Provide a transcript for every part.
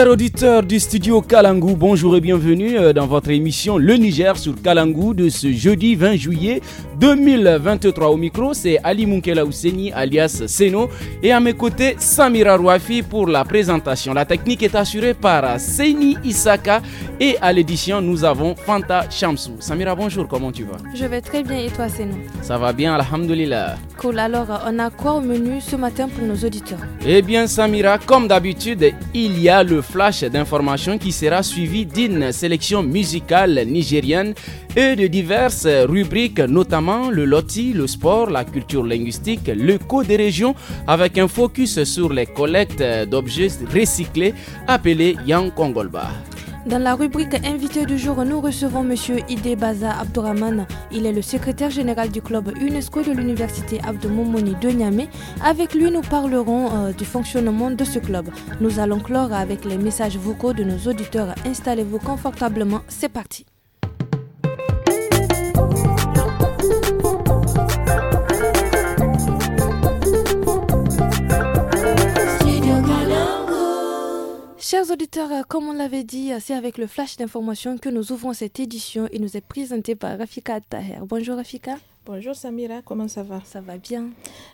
chers auditeurs du studio Kalangu, bonjour et bienvenue euh, dans votre émission Le Niger sur Kalangu de ce jeudi 20 juillet 2023. Au micro, c'est Ali Munkela Seni alias Seno et à mes côtés Samira Rouafi pour la présentation. La technique est assurée par Seni Isaka et à l'édition, nous avons Fanta Chamsou. Samira, bonjour, comment tu vas Je vais très bien et toi Seno Ça va bien, Alhamdulillah. Cool, alors on a quoi au menu ce matin pour nos auditeurs Eh bien Samira, comme d'habitude, il y a le flash d'information qui sera suivi d'une sélection musicale nigérienne et de diverses rubriques, notamment le loti, le sport, la culture linguistique, le co des régions, avec un focus sur les collectes d'objets recyclés appelés Yang Kongolba. Dans la rubrique Invité du jour, nous recevons M. Ide Baza Abdourahman. Il est le secrétaire général du club UNESCO de l'université Abdou Moumouni de Niamey. Avec lui, nous parlerons euh, du fonctionnement de ce club. Nous allons clore avec les messages vocaux de nos auditeurs. Installez-vous confortablement, c'est parti. Chers auditeurs, euh, comme on l'avait dit, euh, c'est avec le flash d'information que nous ouvrons cette édition et nous est présenté par Rafika Taher. Bonjour Rafika. Bonjour Samira, comment ça va Ça va bien.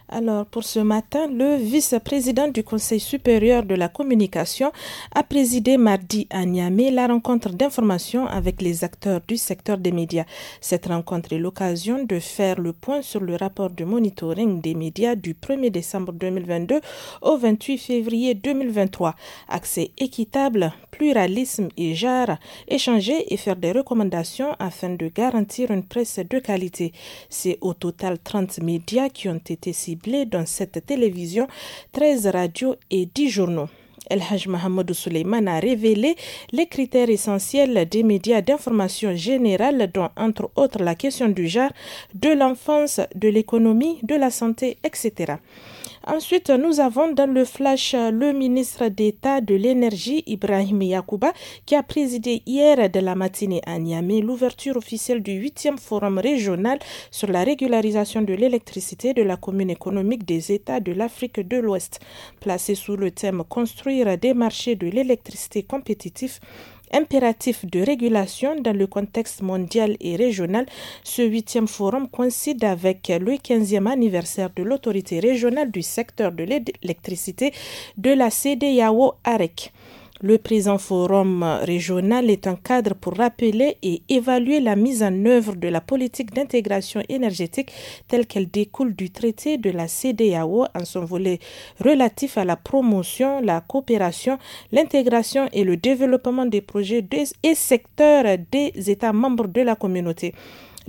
Alors pour ce matin, le vice-président du Conseil supérieur de la communication a présidé mardi à Niamey la rencontre d'information avec les acteurs du secteur des médias. Cette rencontre est l'occasion de faire le point sur le rapport de monitoring des médias du 1er décembre 2022 au 28 février 2023. Accès équitable, pluralisme et genre, échanger et faire des recommandations afin de garantir une presse de qualité. C'est au total 30 médias qui ont été ciblés dans cette télévision, 13 radios et 10 journaux. El Hajj Mohamed Suleiman a révélé les critères essentiels des médias d'information générale, dont entre autres la question du genre, de l'enfance, de l'économie, de la santé, etc. Ensuite, nous avons dans le flash euh, le ministre d'État de l'Énergie, Ibrahim Yakuba, qui a présidé hier de la matinée à Niamey l'ouverture officielle du 8e forum régional sur la régularisation de l'électricité de la commune économique des États de l'Afrique de l'Ouest. Placé sous le thème Construire des marchés de l'électricité compétitifs, impératif de régulation dans le contexte mondial et régional. Ce huitième forum coïncide avec le 15e anniversaire de l'autorité régionale du secteur de l'électricité de la CDIAO arec le présent forum régional est un cadre pour rappeler et évaluer la mise en œuvre de la politique d'intégration énergétique telle qu'elle découle du traité de la CDAO en son volet relatif à la promotion, la coopération, l'intégration et le développement des projets et secteurs des États membres de la communauté.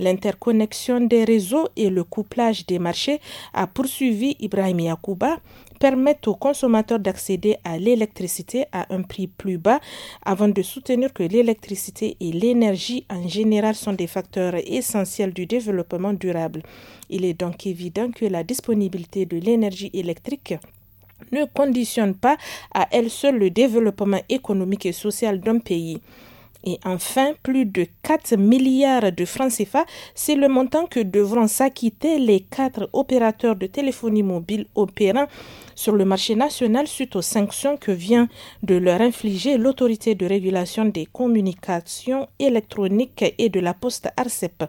L'interconnexion des réseaux et le couplage des marchés a poursuivi Ibrahim Yakouba, permettent aux consommateurs d'accéder à l'électricité à un prix plus bas avant de soutenir que l'électricité et l'énergie en général sont des facteurs essentiels du développement durable. Il est donc évident que la disponibilité de l'énergie électrique ne conditionne pas à elle seule le développement économique et social d'un pays. Et enfin, plus de 4 milliards de francs CFA, c'est le montant que devront s'acquitter les quatre opérateurs de téléphonie mobile opérant sur le marché national suite aux sanctions que vient de leur infliger l'autorité de régulation des communications électroniques et de la poste ARCEP.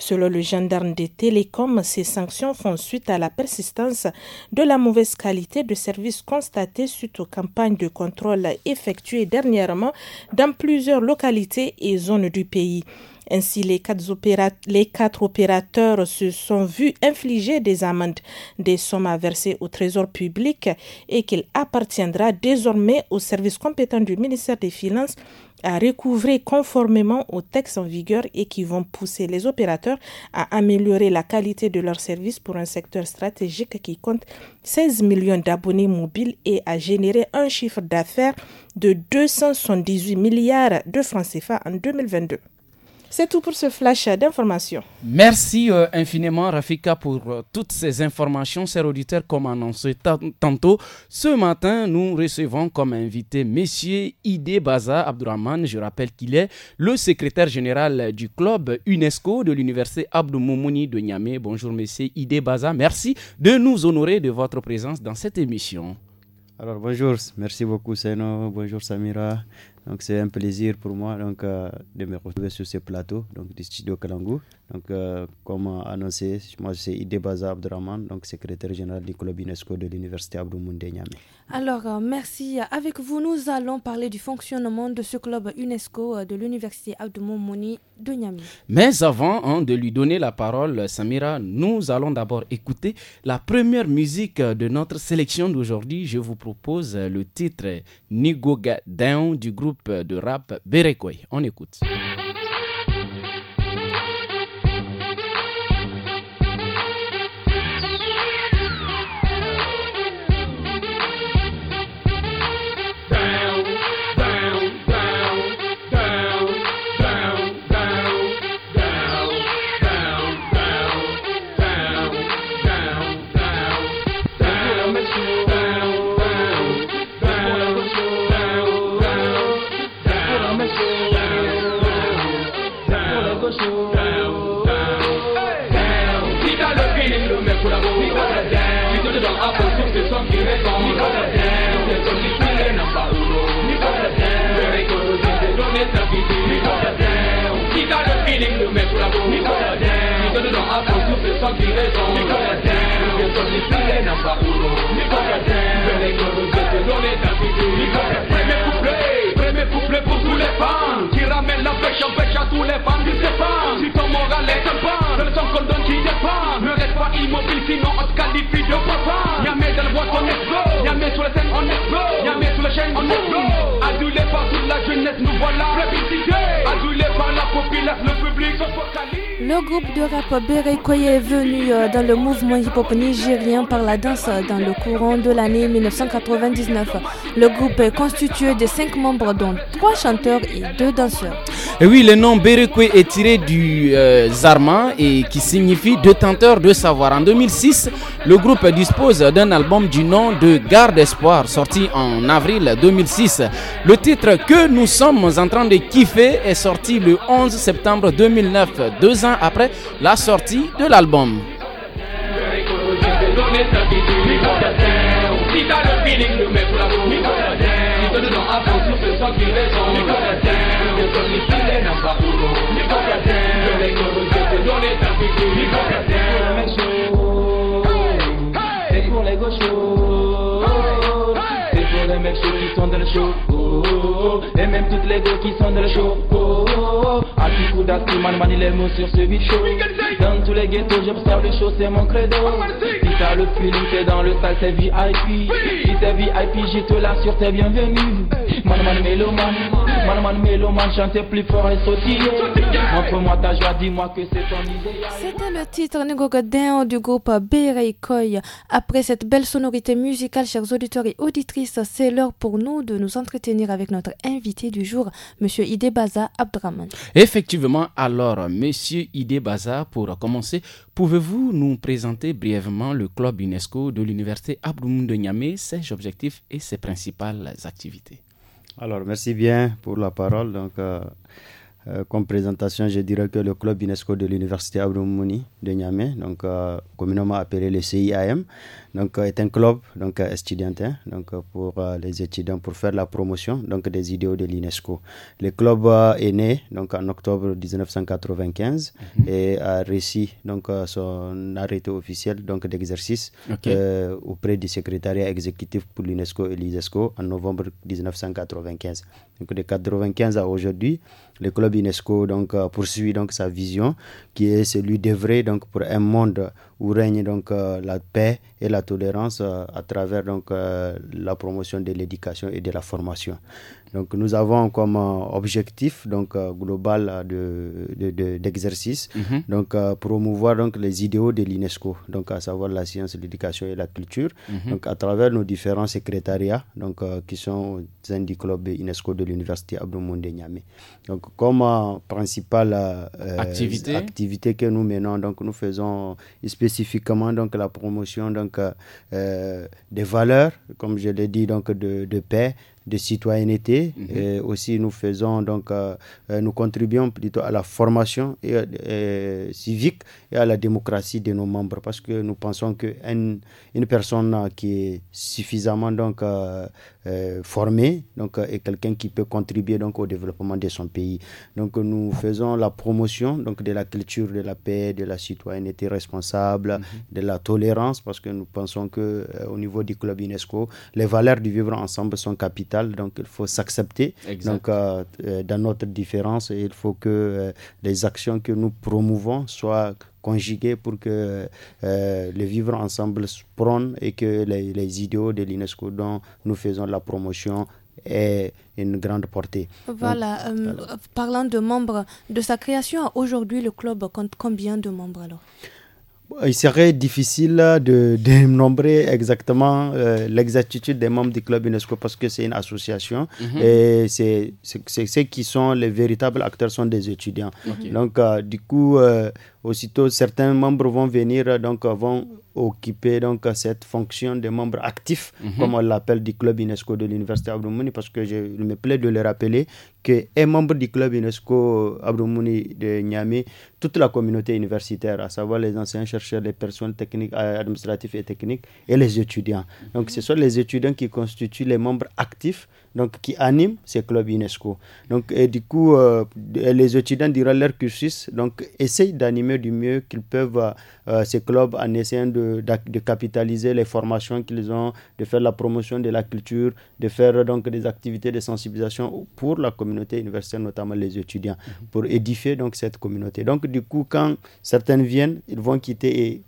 Selon le gendarme des télécoms, ces sanctions font suite à la persistance de la mauvaise qualité de service constatée suite aux campagnes de contrôle effectuées dernièrement dans plusieurs localités et zones du pays. Ainsi, les quatre, les quatre, opérateurs se sont vus infliger des amendes, des sommes à verser au trésor public et qu'il appartiendra désormais au service compétent du ministère des Finances à recouvrer conformément aux textes en vigueur et qui vont pousser les opérateurs à améliorer la qualité de leurs services pour un secteur stratégique qui compte 16 millions d'abonnés mobiles et à générer un chiffre d'affaires de 278 milliards de francs CFA en 2022. C'est tout pour ce flash d'informations. Merci euh, infiniment Rafika pour euh, toutes ces informations. Chers auditeurs, comme annoncé tantôt, ce matin, nous recevons comme invité M. Ide Baza Abdourahman. Je rappelle qu'il est le secrétaire général du club UNESCO de l'université Abdou Moumouni de Niamey. Bonjour M. Ide Baza. Merci de nous honorer de votre présence dans cette émission. Alors bonjour, merci beaucoup Seno, bonjour Samira, donc c'est un plaisir pour moi donc, euh, de me retrouver sur ce plateau donc, du studio Kalangou. Donc, euh, comme annoncé, moi c'est Idebaza Abdraman, donc secrétaire général du club UNESCO de l'université Abdou Moundé Alors euh, merci. Avec vous, nous allons parler du fonctionnement de ce club UNESCO de l'université Abdou Mouni mais avant hein, de lui donner la parole, Samira, nous allons d'abord écouter la première musique de notre sélection d'aujourd'hui. Je vous propose le titre Nigoga Down du groupe de rap Berekoy. On écoute. combinaison Nicolas pour tous les fans Qui ramène la pêche en pêche à tous les fans du moral est un pan, dans le temps qu'on donne qui dépend. Ne reste pas immobile, sinon on te qualifie de papa. Yamé dans le bois, on explose. Yamé sur la scène, on explose. Yamé sur la chaîne, on explose. Adulé par toute la jeunesse, nous voilà plébiscité. Adulé par la populace, le public se focalise. Le groupe de rap Berekoye est venu euh, dans le mouvement hip-hop nigérien par la danse euh, dans le courant de l'année 1999. Le groupe est constitué de cinq membres, dont trois chanteurs et deux danseurs. Et oui, le nom Berekoye est tiré du euh, euh, Armand et qui signifie détenteur de savoir. En 2006, le groupe dispose d'un album du nom de Garde Espoir sorti en avril 2006. Le titre que nous sommes en train de kiffer est sorti le 11 septembre 2009, deux ans après la sortie de l'album. C'est pour les mecs chauds, C'est pour les C'est pour les mecs chauds qui sont dans le show. Et même toutes les gos qui sont dans le show. A qui coup man manie les mots sur ce beat show. Dans tous les ghettos, j'observe le show, c'est mon credo. Si t'as le feeling, t'es dans le salle, c'est VIP. Si t'es VIP, j'ai tout là sur t'es bienvenus c'était le titre du groupe Bereikoy. Après cette belle sonorité musicale, chers auditeurs et auditrices, c'est l'heure pour nous de nous entretenir avec notre invité du jour, Monsieur Baza Abdraman. Effectivement, alors, Monsieur Baza, pour commencer, pouvez-vous nous présenter brièvement le club UNESCO de l'Université Abdoumoun de ses objectifs et ses principales activités alors, merci bien pour la parole. Donc, euh, euh, comme présentation, je dirais que le club UNESCO de l'Université Abdoumouni de Niamey, donc euh, communément appelé le CIAM, donc euh, est un club donc estudiantin euh, hein, donc euh, pour les étudiants pour faire la promotion donc des idéaux de l'UNESCO. Le club est né donc en octobre 1995 mhm. et a réussi donc son arrêté officiel donc d'exercice auprès du secrétariat exécutif pour l'UNESCO et l'UNESCO en novembre 1995. Donc de 95 à aujourd'hui, le club UNESCO donc poursuit donc sa vision qui est celui d'œuvrer donc pour un monde où règne donc euh, la paix et la tolérance euh, à travers donc euh, la promotion de l'éducation et de la formation. Donc nous avons comme euh, objectif donc euh, global euh, de d'exercice mhm. donc promouvoir donc les idéaux de l'UNESCO donc à savoir la science, l'éducation et la culture mhm. donc à travers nos différents secrétariats donc qui sont au sein club UNESCO de l'université Abdou de Niamey. Donc comme principale activité. activité que nous menons donc nous faisons spécifiquement donc la promotion donc des valeurs comme je l'ai dit donc de, de paix de citoyenneté. Mhm. aussi, nous faisons donc, euh, euh, nous contribuons plutôt à la formation euh, civique et à la démocratie de nos membres, parce que nous pensons qu'une une personne qui est suffisamment donc euh, formé donc, euh, et quelqu'un qui peut contribuer donc, au développement de son pays. Donc nous faisons la promotion donc, de la culture de la paix, de la citoyenneté responsable, mhm. de la tolérance, parce que nous pensons que euh, au niveau du club UNESCO, les valeurs du vivre ensemble sont capitales, donc il faut s'accepter donc, dans notre différence et il faut que les actions que nous promouvons soient conjuguer pour que euh, le vivre ensemble prône et que les, les idéaux de l'UNESCO dont nous faisons la promotion aient une grande portée. Voilà, euh, parlant de membres, de sa création aujourd'hui, le club compte combien de membres alors il serait difficile de, dénombrer exactement euh, l'exactitude des membres du club UNESCO parce que c'est une association mhm. et c'est ceux qui sont les véritables acteurs sont des étudiants. Donc, euh, du coup, Aussitôt, certains membres vont venir, donc vont occuper donc cette fonction de membre actif, mhm. comme on l'appelle du club UNESCO de l'université Abdoumouni, parce que je me plais de le rappeler que est membre du club UNESCO Abdoumouni de Niamey, toute la communauté universitaire, à savoir les anciens chercheurs, les personnes techniques, euh, administratives et techniques, et les étudiants. Donc, ce mhm. sont les étudiants qui constituent les membres actifs donc qui anime ces clubs UNESCO. Donc, et du coup, euh, les étudiants durant leur cursus donc, essayent d'animer du mieux qu'ils peuvent euh, euh, ces clubs en essayant de, de, capitaliser les formations qu'ils ont, de faire la promotion de la culture, de faire donc des activités de sensibilisation pour la communauté universitaire, notamment les étudiants, mhm. pour édifier donc cette communauté. Donc, du coup, quand certains viennent, ils vont quitter et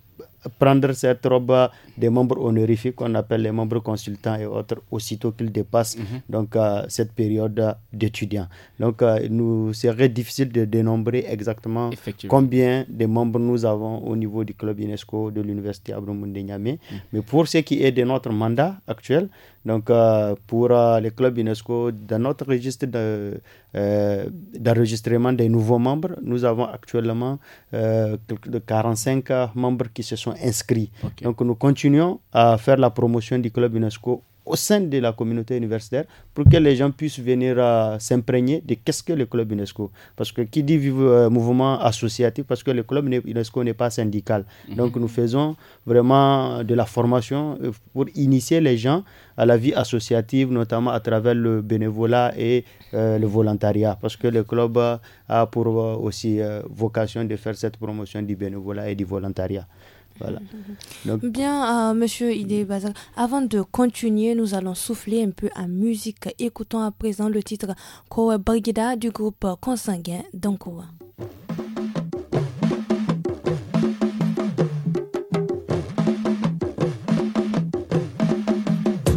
prendre cette robe des membres honorifiques qu'on appelle les membres consultants et autres aussitôt qu'ils dépassent mhm. donc euh, cette période d'étudiants. Donc euh, nous serait difficile de dénombrer exactement combien de membres nous avons au niveau du club UNESCO de l'université Abdoumou Niamey, mhm. mais pour ce qui est de notre mandat actuel, donc, euh, pour euh, les clubs UNESCO, dans notre registre euh, d'enregistrement des nouveaux membres, nous avons actuellement 45 membres qui se sont inscrits. Donc, nous continuons à faire la promotion du club UNESCO au sein de la communauté universitaire pour que les gens puissent venir euh, s'imprégner de qu'est-ce que le club UNESCO. Parce que qui dit euh, mouvement associatif, parce que le club UNESCO n'est pas syndical. Mhm. Donc nous faisons vraiment de la formation euh, pour initier les gens à la vie associative, notamment à travers le bénévolat et le volontariat. Parce que le club a pour aussi vocation de faire cette promotion du bénévolat et du volontariat. Voilà. Mm-hmm. Donc... Bien, euh, monsieur Idé Bazar, avant de continuer, nous allons souffler un peu à musique. Écoutons à présent le titre Kowe Brigida du groupe consanguin d'Ankowa.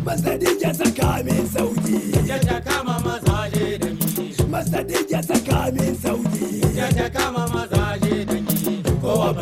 Masadija saka min sauki. Ya ta kama mazaje da ki. Masadija saka min sauki. kama mazaje da ki. Kowa ba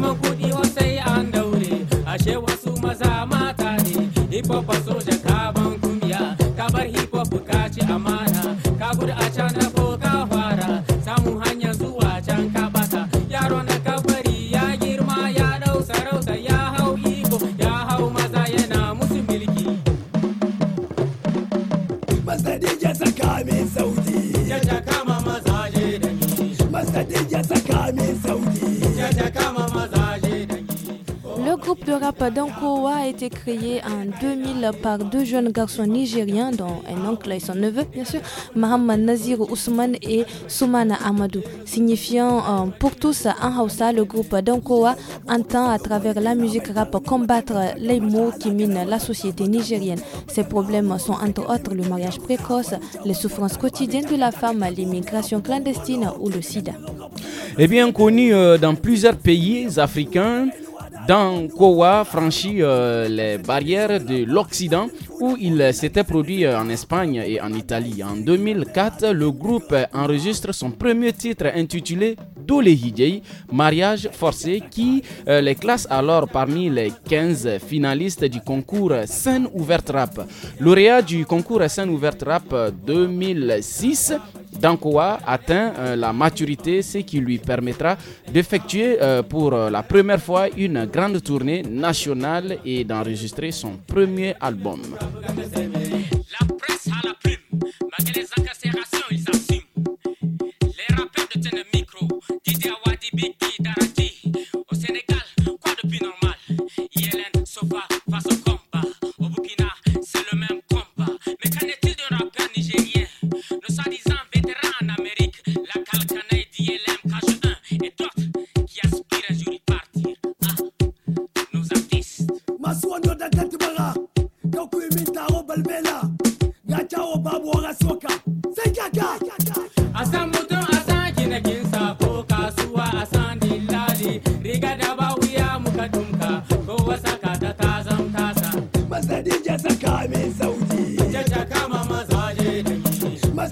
makuɗi wasai an daure ashe wasu maza mata ne hip hop Le rap d'Ankowa a été créé en 2000 par deux jeunes garçons nigériens, dont un oncle et son neveu, bien sûr, Mohamed Nazir Ousmane et Soumana Amadou. Signifiant euh, pour tous en Hausa, le groupe d'Ankowa entend à travers la musique rap combattre les maux qui minent la société nigérienne. Ces problèmes sont entre autres le mariage précoce, les souffrances quotidiennes de la femme, l'immigration clandestine ou le sida. Et eh bien, connu euh, dans plusieurs pays africains, dans Kowa, franchit euh, les barrières de l'Occident où il s'était produit euh, en Espagne et en Italie. En 2004, le groupe enregistre son premier titre intitulé les idées mariage forcé qui euh, les classe alors parmi les 15 finalistes du concours Scène ouverte rap. Lauréat du concours saint ouverte rap 2006, euh, Dankoa atteint euh, la maturité, ce qui lui permettra d'effectuer pour la première fois une grande tournée nationale et d'enregistrer son premier album. Au Sénégal, quoi de plus normal? Yélène, Sofa, face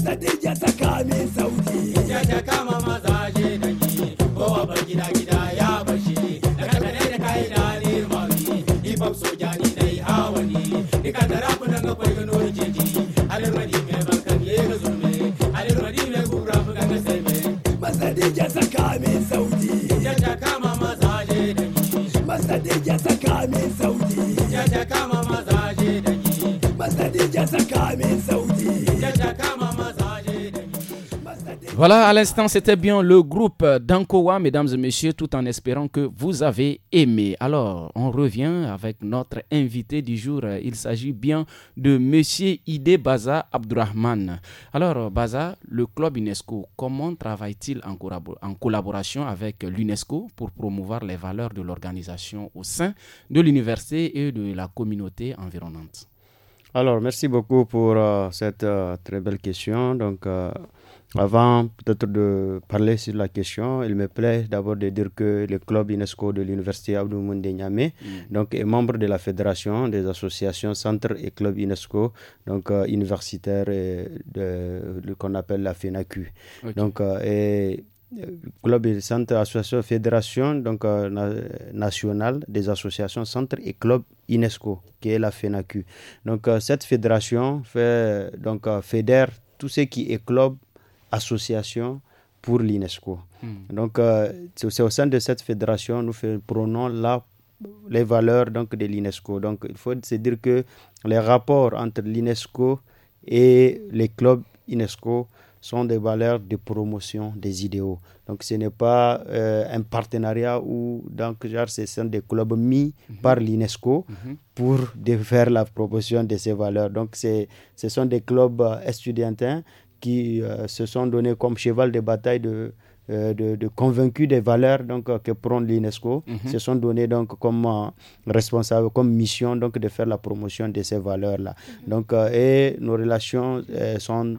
sadija kami saudi ya ta kama mazaje da ki kowa bar gida gida ya bashi da kada da kai na ne mami hip hop soja ni dai hawani ni ka da rapu nan ga gano jeji halin madi mai bankan ye ga zulme halin madi mai gura fu ga sai me masadija kami saudi ya ta kama mazaje da ki masadija tsakanin saudi ya ta kama mazaje da ki masadija tsakanin saudi Voilà, à l'instant, c'était bien le groupe d'Ankowa, mesdames et messieurs, tout en espérant que vous avez aimé. Alors, on revient avec notre invité du jour. Il s'agit bien de monsieur Ide Baza Abdurrahman. Alors, Baza, le club UNESCO, comment travaille-t-il en, collaboration avec l'UNESCO pour promouvoir les valeurs de l'organisation au sein de l'université et de la communauté environnante alors, merci beaucoup pour euh, cette euh, très belle question. Donc, euh, avant peut-être de parler sur la question, il me plaît d'abord de dire que le club UNESCO de l'université Abdou Moundé Niamey mm. donc, est membre de la fédération des associations centres et clubs UNESCO, donc euh, universitaire qu'on appelle la FENACU. Donc, euh, et euh, club et centre association fédération donc nationale des associations centres et clubs UNESCO qui est la FENACU donc cette fédération fait donc fédère tous ce qui est club association pour l'UNESCO. Hmm. Donc, euh, c'est au sein de cette fédération, nous prenons là les valeurs donc, de l'UNESCO. Donc, il faut se dire que les rapports entre l'UNESCO et les clubs UNESCO sont des valeurs de promotion des idéaux. Donc, ce n'est pas euh, un partenariat où, donc, genre, ce sont des clubs mis mhm. par l'UNESCO mhm. pour faire la promotion de ces valeurs. Donc, ce sont des clubs étudiants, euh, qui euh, se sont donnés comme cheval de bataille de, euh, de, convaincus des valeurs donc, euh, que prend l'UNESCO, mhm. se sont donnés donc, comme responsable, comme mission donc, de faire la promotion de ces valeurs-là. Mhm. Donc, et nos relations sont,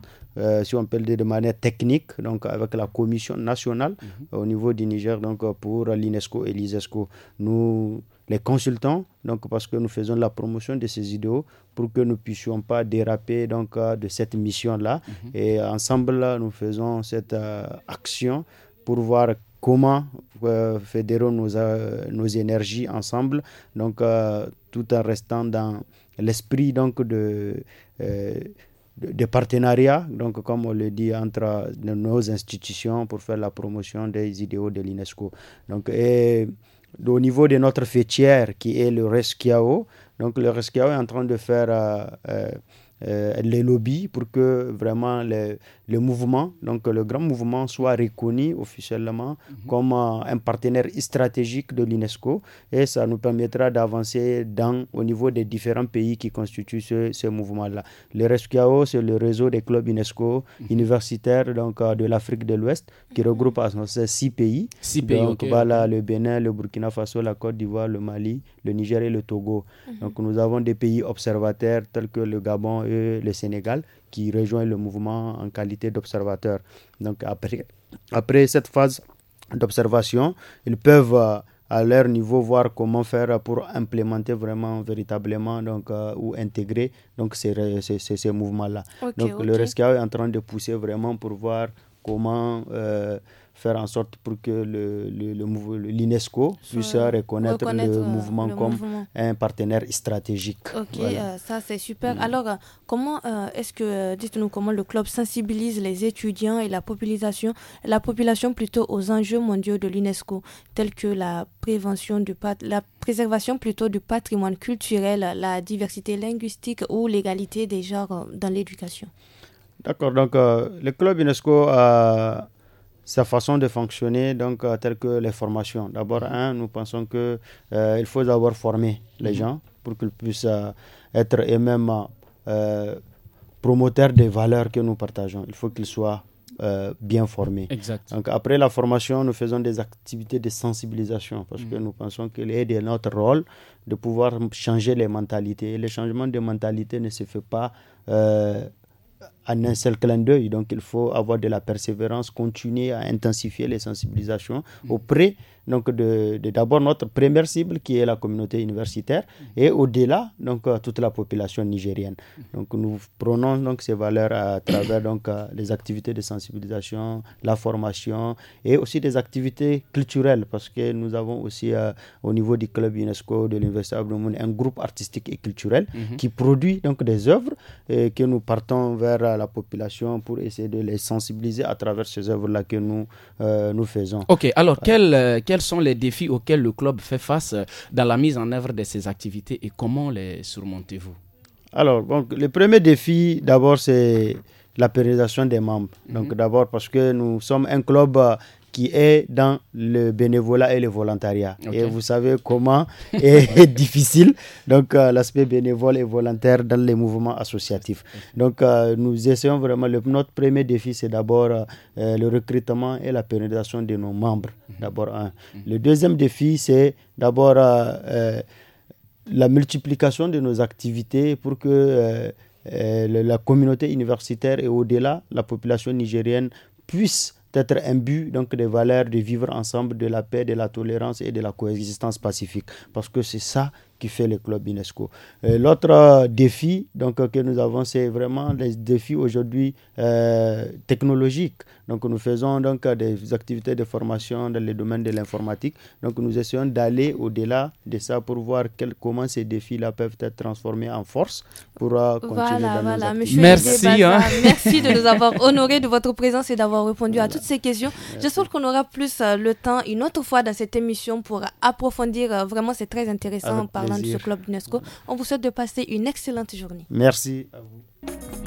si on peut le dire de manière technique, donc, avec la commission nationale mhm. au niveau du Niger donc, pour l'UNESCO et l'ISESCO. Nous les consultants, donc parce que nous faisons la promotion de ces idéaux pour que nous ne puissions pas déraper donc, euh, de cette mission-là. Mhm. Et ensemble, nous faisons cette euh, action pour voir comment euh, fédérer nos, nos, énergies ensemble, donc tout en restant dans l'esprit donc de, de, partenariat, donc comme on le dit entre nos institutions pour faire la promotion des idéaux de l'UNESCO. Donc et, au niveau de notre fêtière qui est le reskiao Donc le reskiao est en train de faire euh, euh, euh, les lobbies pour que vraiment les, le mouvement, donc le grand mouvement, soit reconnu officiellement mhm. comme euh, un partenaire stratégique de l'UNESCO et ça nous permettra d'avancer au niveau des différents pays qui constituent ce, ce mouvement-là. Le RESCAO, c'est le réseau des clubs UNESCO mhm. universitaires donc, euh, de l'Afrique de l'Ouest qui mhm. regroupe à son six pays. Six pays, donc, voilà, le Bénin, le Burkina Faso, la Côte d'Ivoire, le Mali, le Niger et le Togo. Donc nous avons des pays observateurs tels que le Gabon et le Sénégal qui rejoint le mouvement en qualité d'observateur. Donc après, après cette phase d'observation, ils peuvent euh, à leur niveau voir comment faire pour implémenter vraiment véritablement donc euh, ou intégrer donc ces, ces, mouvements là donc le rescue est en train de pousser vraiment pour voir comment euh, faire en sorte pour que l'UNESCO le, le, puisse reconnaître, le euh, mouvement comme un partenaire stratégique. Ok, euh, ça c'est super. Mm. Alors, euh, comment est-ce que, dites-nous comment le club sensibilise les étudiants et la population, la population plutôt aux enjeux mondiaux de l'UNESCO, tels que la prévention du la préservation plutôt du patrimoine culturel, la diversité linguistique ou l'égalité des genres dans l'éducation. D'accord, donc le club UNESCO a sa façon de fonctionner, donc euh, telle que les formations. D'abord, mm-hmm. un, nous pensons que euh, il faut avoir formé les mm-hmm. gens pour qu'ils puissent euh, être eux-mêmes promoteurs des valeurs que nous partageons. Il faut qu'ils soient bien formés. Donc après la formation, nous faisons des activités de sensibilisation parce que mm. nous pensons qu'il est de notre rôle de pouvoir changer les mentalités. Et le changement de mentalité ne se fait pas en un seul clin d'œil. Donc il faut avoir de la persévérance, continuer à intensifier les sensibilisations mm. auprès donc de, d'abord notre première cible qui est la communauté universitaire mm. et au-delà donc toute la population nigérienne. Mm. Donc nous prenons donc ces valeurs à travers donc les activités de sensibilisation, la formation et aussi des activités culturelles parce que nous avons aussi euh, au niveau du club UNESCO de l'université mon un groupe artistique et culturel mm-hmm. qui produit donc des œuvres et euh, que nous partons vers euh, la population pour essayer de les sensibiliser à travers ces œuvres-là que nous, euh, nous faisons. Ok, alors quels, euh, quels sont les défis auxquels le club fait face dans la mise en œuvre de ses activités et comment les surmontez-vous Alors, donc, le premier défi, d'abord, c'est la pérennisation des membres. Donc mhm. d'abord parce que nous sommes un club euh, qui est dans le bénévolat et le volontariat. Et vous savez comment est difficile donc euh, l'aspect bénévole et volontaire dans les mouvements associatifs. Donc euh, nous essayons vraiment le, notre premier défi c'est d'abord euh, le recrutement et la pérennisation de nos membres. Mhm. D'abord mhm. Le deuxième défi c'est d'abord la multiplication de nos activités pour que la communauté universitaire et au-delà, la population nigérienne puisse d'être imbu donc des valeurs de vivre ensemble, de la paix, de la tolérance et de la coexistence pacifique. Parce que c'est ça qui fait le club UNESCO. Euh, l'autre euh, défi donc, euh, que nous avons, c'est vraiment les défis aujourd'hui technologiques. Donc nous faisons donc des activités de formation dans le domaine de l'informatique. Donc nous essayons d'aller au-delà de ça pour voir comment ces défis-là peuvent être transformés en force pour euh, continuer voilà, voilà. merci. Hein. Merci de nous avoir honorés de votre présence et d'avoir répondu à toutes ces questions. J'espère qu'on aura plus euh, le temps une autre fois dans cette émission pour approfondir. Euh, vraiment, c'est très intéressant en parlant de ce club d'UNESCO. On vous souhaite de passer une excellente journée. Merci à vous.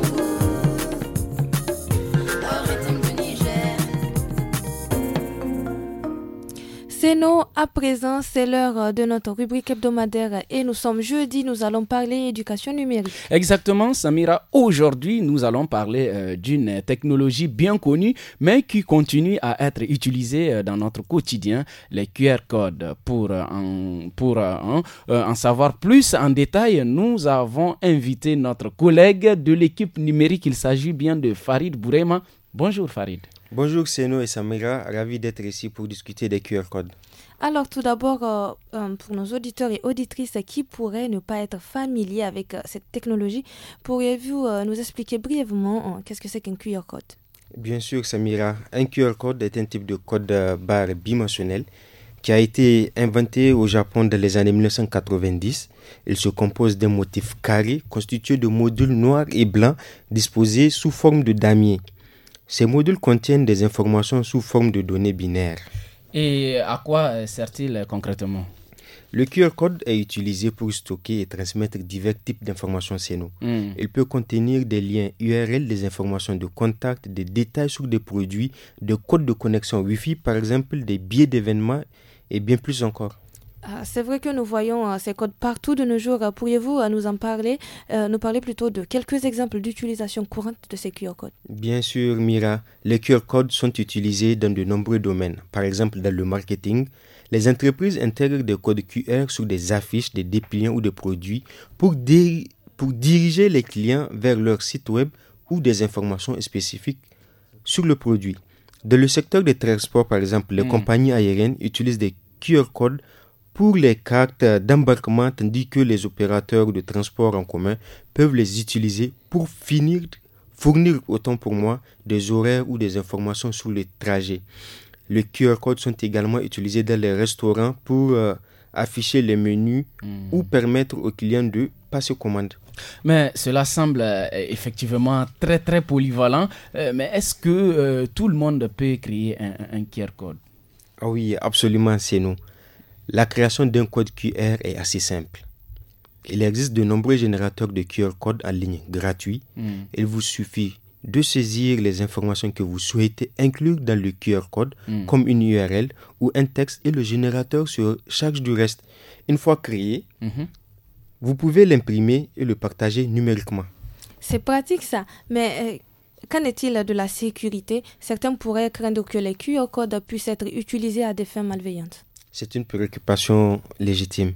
C'est nous à présent, c'est l'heure euh, de notre rubrique hebdomadaire et nous sommes jeudi, nous allons parler éducation numérique. Exactement, Samira. Aujourd'hui, nous allons parler euh, d'une technologie bien connue, mais qui continue à être utilisée euh, dans notre quotidien, les QR codes. Pour, en, pour en savoir plus en détail, nous avons invité notre collègue de l'équipe numérique. Il s'agit bien de Farid Bourema. Bonjour Farid. Bonjour Seno et Samira, ravi d'être ici pour discuter des QR codes. Alors tout d'abord, euh, euh, pour nos auditeurs et auditrices qui pourraient ne pas être familiers avec euh, cette technologie, pourriez-vous nous expliquer brièvement qu'est-ce que c'est qu'un QR code Bien sûr Samira, un QR code est un type de code barre bimensionnel qui a été inventé au Japon dans les années 1990. Il se compose d'un motif carré constitué de modules noirs et blancs disposés sous forme de damier. Ces modules contiennent des informations sous forme de données binaires. Et à quoi euh, sert-il euh, concrètement le QR code est utilisé pour stocker et transmettre divers types d'informations chez nous. Hmm. Il peut contenir des liens URL, des informations de contact, des détails sur des produits, des codes de connexion Wi-Fi, par exemple, des billets d'événements et bien plus encore. Ah, c'est vrai que nous voyons hein, ces codes partout de nos jours. Ah, pourriez-vous euh, nous en parler, euh, nous parler plutôt de quelques exemples d'utilisation courante de ces QR codes Bien sûr, Mira. Les QR codes sont utilisés dans de nombreux domaines. Par exemple, dans le marketing, les entreprises intègrent des codes QR sur des affiches, des dépliants ou des produits pour, diriger les clients vers leur site web ou des informations spécifiques sur le produit. Dans le secteur des transports, par exemple, les hmm. compagnies aériennes utilisent des QR codes pour les cartes d'embarquement tandis que les opérateurs de transport en commun peuvent les utiliser pour finir, fournir autant pour moi des horaires ou des informations sur les trajets. Les QR codes sont également utilisés dans les restaurants pour euh, afficher les menus hmm. ou permettre aux clients de passer commande. Mais cela semble euh, effectivement très très polyvalent. Euh, mais est-ce que tout le monde peut créer un, QR code ah Oui, absolument, c'est nous. La création d'un code QR est assez simple. Il existe de nombreux générateurs de QR code en ligne gratuits. Hmm. Il vous suffit de saisir les informations que vous souhaitez inclure dans le QR code, hmm. comme une URL ou un texte, et le générateur se charge du reste. Une fois créé, mhm. vous pouvez l'imprimer et le partager numériquement. C'est pratique ça, mais euh, qu'en est-il de la sécurité Certains pourraient craindre que les QR codes puissent être utilisés à des fins malveillantes. C'est une préoccupation légitime.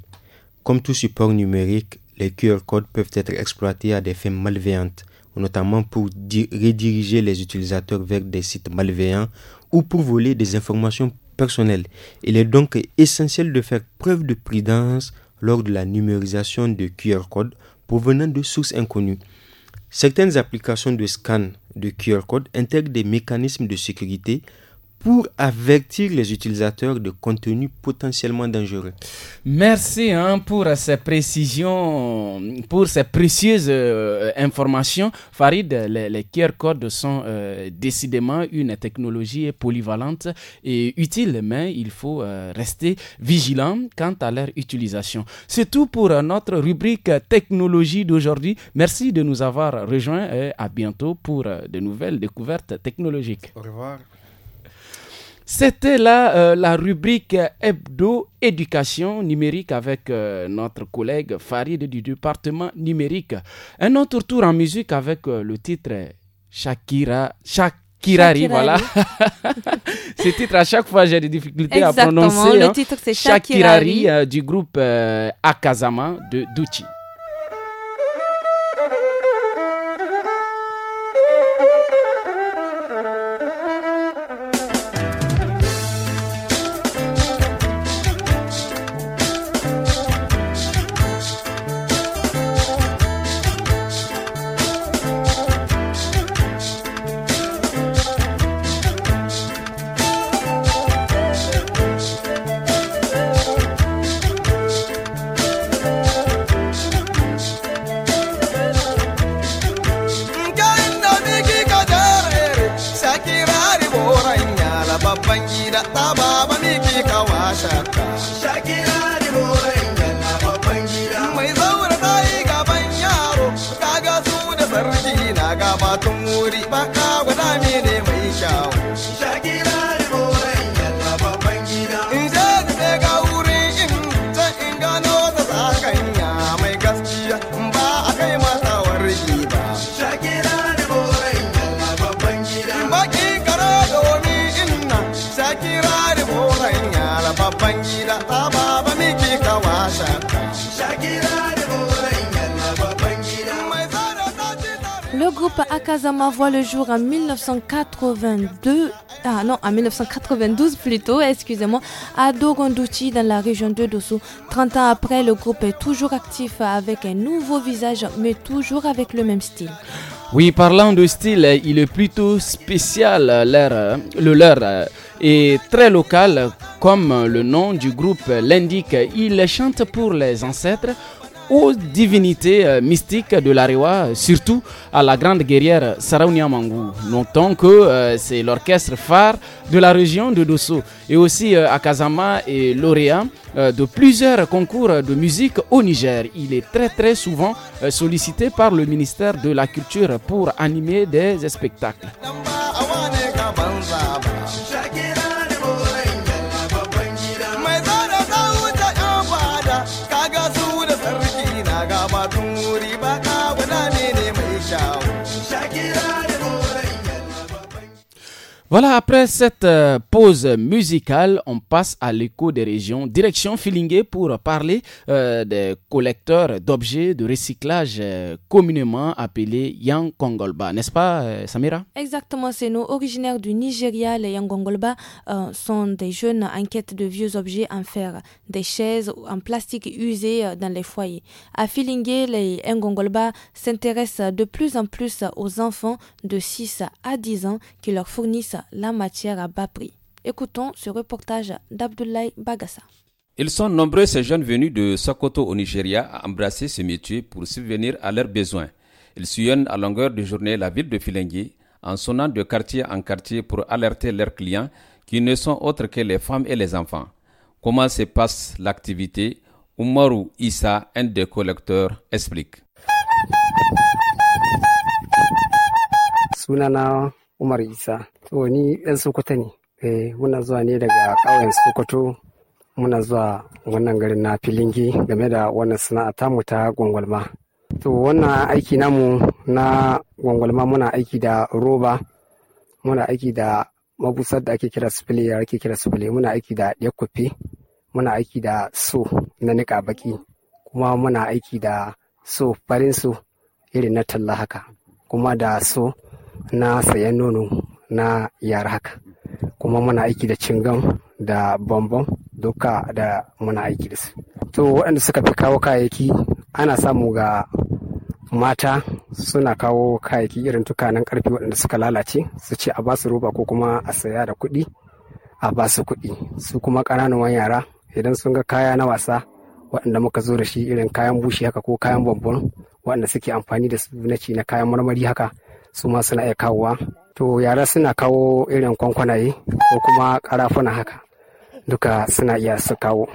Comme tout support numérique, les QR codes peuvent être exploités à des fins malveillantes, notamment pour rediriger les utilisateurs vers des sites malveillants ou pour voler des informations personnelles. Il est donc essentiel de faire preuve de prudence lors de la numérisation de QR codes provenant de sources inconnues. Certaines applications de scan de QR code intègrent des mécanismes de sécurité pour avertir les utilisateurs de contenus potentiellement dangereux. Merci hein, pour ces précisions, pour ces précieuses euh, informations. Farid, les, les, QR codes sont euh, décidément une technologie polyvalente et utile, mais il faut euh, rester vigilant quant à leur utilisation. C'est tout pour notre rubrique technologie d'aujourd'hui. Merci de nous avoir rejoints et à bientôt pour de nouvelles découvertes technologiques. Au revoir. C'était là euh, la rubrique hebdo éducation numérique avec euh, notre collègue Farid du département numérique. Un autre tour en musique avec euh, le titre Shakira. Shakirari voilà. ce titre, à chaque fois, j'ai des difficultés à prononcer. Le hein. titre, c'est Shakirari, du groupe Akazama de Duchi. groupe Akazama voit le jour en 1982, ah non, en 1992 plutôt, excusez-moi, à Dogonduchi dans la région de Dosso. 30 ans après, le groupe est toujours actif avec un nouveau visage, mais toujours avec le même style. Oui, parlant de style, il est plutôt spécial, le leur est très local, comme le nom du groupe l'indique. Il chante pour les ancêtres, aux divinités euh, mystiques de l'Arewa, surtout à la grande guerrière Saraunia Mangou. Notons que euh, c'est l'orchestre phare de la région de Dosso et aussi euh, à Kazama et lauréat de plusieurs concours de musique au Niger. Il est très très souvent sollicité par le ministère de la Culture pour animer des spectacles. tchau. Voilà, après cette euh, pause musicale, on passe à l'écho des régions, direction Filingué pour parler euh, des collecteurs d'objets de recyclage euh, communément appelés Yangongolba, n'est-ce pas Samira Exactement, c'est nous, originaires du Nigeria, les Yangongolba sont des jeunes en quête de vieux objets en fer, des chaises ou en plastique usées dans les foyers. À Filingué, les Yangongolba s'intéressent de plus en plus aux enfants de 6 à 10 ans qui leur fournissent la matière à bas prix. Écoutons ce reportage d'Abdoulaye Bagassa. Ils sont nombreux ces jeunes venus de Sokoto au Nigeria à embrasser ce métier pour subvenir à leurs besoins. Ils sillonnent à longueur de journée la ville de Filengui, en sonnant de quartier en quartier pour alerter leurs clients qui ne sont autres que les femmes et les enfants. Comment se passe l'activité Oumarou Issa, un des collecteurs, explique. To ni ɗan Sokoto ne. Eh muna zuwa ne daga ƙauyen Sokoto muna zuwa wannan garin na Filingi game da wannan sana'a tamu ta gwangwalma. To wannan aiki namu na gwangwalma muna aiki da roba muna aiki da mabusar da ake kira sifili ya ake kira sifili muna aiki da yakufe muna aiki da so na niƙa baki kuma muna aiki da so farin so irin na talla haka kuma da so na sayan nono na yara haka kuma muna aiki da cingam da bambam duka da muna aiki da su to waɗanda suka fi kawo kayayyaki ana samu ga mata suna kawo kayayyaki irin tukanen karfi waɗanda suka lalace su ce a basu roba ko kuma a saya da kuɗi a basu kuɗi su kuma ƙananan yara idan sun ga kaya na wasa waɗanda muka zo da shi irin kayan bushe haka ko kayan bambam waɗanda suke amfani da su na ci na kayan marmari haka su ma suna iya kawowa to yara suna kawo irin kwankwanaye ko kuma karafuna haka duka suna iya su kawo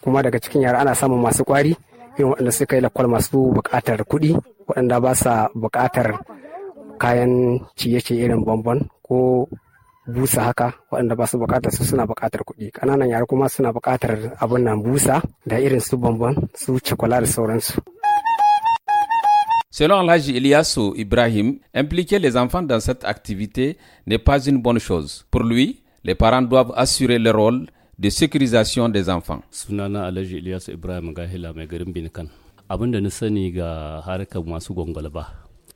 kuma daga cikin yara ana samun masu kwari irin waɗanda suka yi lakwal masu bukatar kuɗi waɗanda ba sa buƙatar kayan ciye-ciye irin bambam ko busa haka waɗanda ba su buƙatar su suna buƙatar kuɗi ƙananan yara kuma suna bukatar abin nan busa da irin su bambam su cakwala da sauransu Selon l'âge Eliasso Ibrahim, impliquer les enfants dans cette activité n'est pas une bonne chose. Pour lui, les parents doivent assurer le rôle de sécurisation des enfants. Sunana Alhaji Ilyas Ibrahim Gahila mai garin Binkan. Abin da na sani ga harkar masu gwangwalba.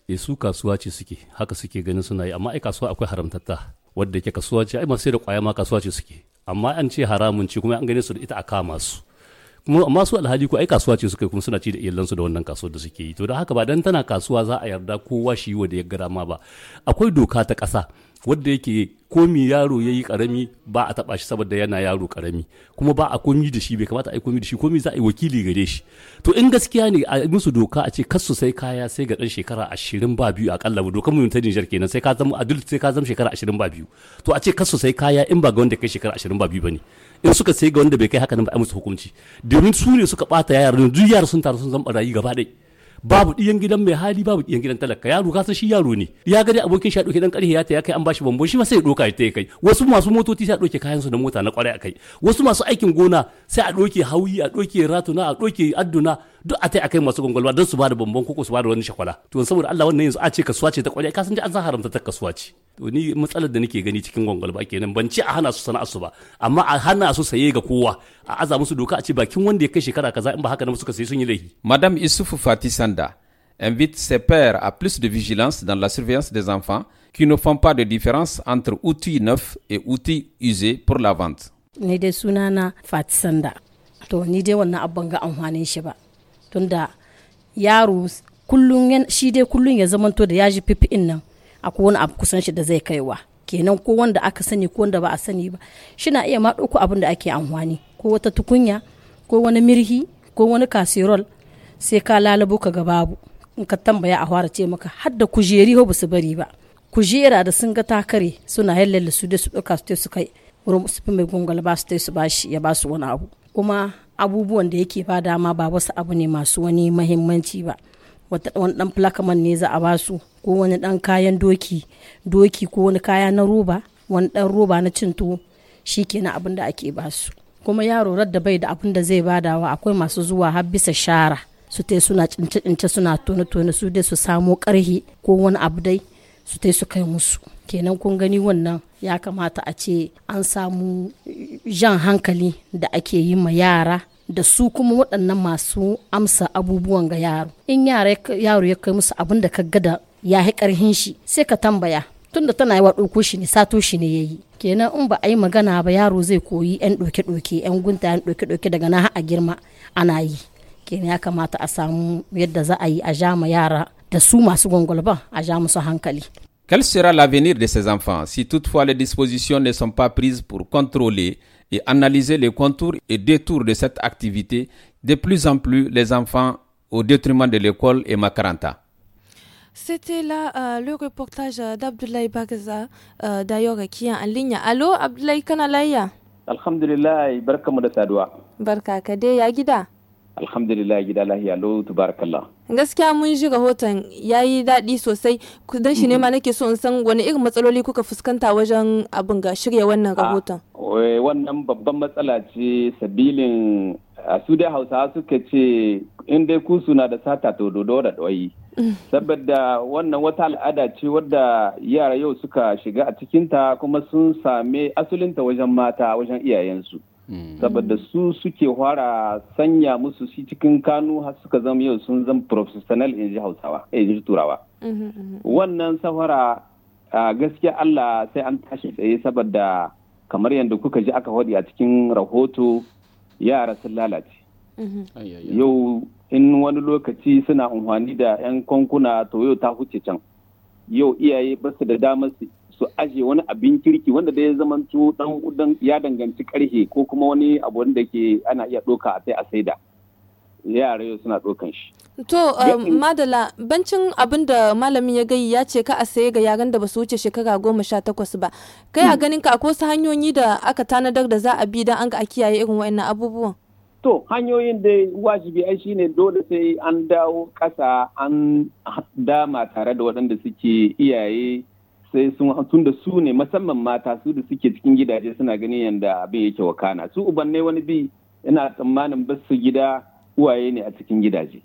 E su kasuwa ce suke, haka suke ganin suna yi, amma ai kasuwa akwai haramtatta. Wadda ke kasuwa ce, ai masu da kwaya ma kasuwa ce suke. Amma an ce haramun ce kuma an gane su da ita a kama su. kuma amma su alhali ko ai kasuwa ce suka kuma suna ci da iyalansu da wannan kasuwar da suke yi to da haka ba dan tana kasuwa za a yarda kowa shi wa da ya gara ma ba akwai doka ta ƙasa wadda yake komi yaro ya yi karami ba a taba shi saboda yana yaro karami kuma ba a komi da shi bai kamata a yi komi da shi komi za a yi wakili gare shi to in gaskiya ne a musu doka a ce kasu sai kaya sai ga dan shekara ashirin ba biyu akalla ba dokar mu ta Nijar kenan sai ka zama adult sai ka zama shekara ashirin ba biyu to a ce kasu sai kaya in ba ga wanda kai shekara ashirin ba biyu ba ne in suka sai ga wanda bai kai haka nan ba a musu hukunci domin su ne suka bata yaran duk yara sun taru sun zama barayi gaba ɗaya babu ɗiyan gidan mai hali babu ɗiyan gidan talaka yaro ka shi yaro ne ya ga dai abokin shi ɗauke ɗan ƙarhe ya ta ya kai an bashi bambo shi ma sai ya ɗoka ta kai wasu masu motoci sai a ɗauke kayan su da mota na ƙwarai a kai wasu masu aikin gona sai a ɗauke hauyi a ɗauke ratuna a ɗauke adduna duk a tai akai masu gwangwalwa don su ba da bambon ko su ba da wani shakwala to saboda Allah wannan yanzu a ce kasuwa ce ta ƙwarai ka san an san haramta ta kasuwa ce wani matsalar da nake gani cikin gwangwal ba kenan ban ci a hana su sana'ar su ba amma a hana su saye ga kowa a aza musu doka a ce bakin wanda ya kai shekara kaza in ba haka na suka saye sun yi laifi madam isufu Fati Sanda invite ses pères à plus de vigilance dans la surveillance des enfants qui ne font pas de différence entre outils neufs et outils usés pour la vente. Ni dai sunana Fati Sanda. To ni dai wannan abban ga amfanin shi ba. Tunda yaro kullun shi dai kullun ya zamanto da yaji fifi'in nan akwai wani abu kusan shi da zai kaiwa kenan ko wanda aka sani ko wanda ba a sani ba shi na iya ma ɗauko abin da ake amfani ko wata tukunya ko wani mirhi ko wani kasirol sai ka lalabo ka ga babu in ka tambaya a fara ce maka har da kujeri ba su bari ba kujera da sun ga takare suna yallalla su da su ɗauka su su kai wurin su fi mai gungal ba su su bashi ya ba su wani abu kuma abubuwan da yake ba dama ba wasu abu ne masu wani mahimmanci ba Wata wani dan plakaman ne za a basu ko wani dan kayan doki doki ko wani kaya na roba wani dan roba na cin tuwo shikenan abin da ake basu kuma yaro da bai da abin da zai badawa akwai masu zuwa har bisa shara su tai suna cince-cince suna tone-tone su dai su samo karhi ko wani abu dai su tai su kai musu kenan kun gani wannan ya kamata a ce an samu jan hankali da ake yi ma yara da su kuma waɗannan masu amsa abubuwan ga yaro in yaro ya kai musu abin da ka gada ya yi ƙarhin shi sai ka tambaya tun da tana yi wa ɗauko shi ne sato shi ne ya yi kenan in ba a yi magana ba yaro zai koyi 'yan ɗoke-ɗoke 'yan gunta 'yan ɗoke-ɗoke daga na a girma ana yi kenan ya kamata a samu yadda za a yi a jama yara da su masu gwangwalba a ja musu hankali Quel sera l'avenir de ces enfants si toutefois les dispositions ne sont pas prises pour contrôler et analyser les contours et détours de cette activité de plus en plus les enfants au détriment de l'école et Macaranta c'était là euh, le reportage euh, d'Abdoulaye Bagaza euh, d'ailleurs, qui est en ligne. Allô, Abdoulaye Kanalaya Alhamdulillah, barka mu Kadeya gida. alhamdulillah gida lahiya lo tubarakallah gaskiya mun ji rahoton ya yi daɗi sosai don shi ne ma mhm. nake so in san wani irin matsaloli kuka fuskanta wajen abin ga shirya wannan ah, rahoton wannan babban matsala ce sabilin a su dai hausawa suka ce in dai ku suna da sata to dodo da ɗoyi mm. saboda wannan wata al'ada ce wadda yara yau suka shiga a cikinta kuma sun same asulinta wajen mata wajen iyayensu saboda su suke fara sanya musu shi cikin kanu har suka zama yau sun zama professional in hausawa in turawa wannan safara a gaskiya Allah sai an tashi tsaye saboda kamar yadda kuka ji aka faɗi a cikin rahoto yara sun lalace yau in wani lokaci suna amfani da 'yan kwankuna to yau ta huce can yau iyaye ba su da damar su su aje wani abin kirki wanda da ya zamanto dan ya danganci karhe ko kuma wani abu wanda ke ana iya doka a sai a saida yare suna dokan shi to um, madala bancin abin da malamin ya gayi ya ce ka a saye ga yaran da ba su wuce shekara goma sha takwas ba kai a hmm. ganin ka akwai wasu hanyoyi da aka tanadar da za a bi dan an ga a kiyaye irin wa'annan abubuwan To hanyoyin da wajibi ai shine dole sai an dawo kasa an dama tare da waɗanda suke iyaye sai sun tun da su ne musamman mata su da suke cikin gidaje suna ganin yadda abin yake wakana su ubannai wani bi yana tsammanin su gida uwaye ne a cikin gidaje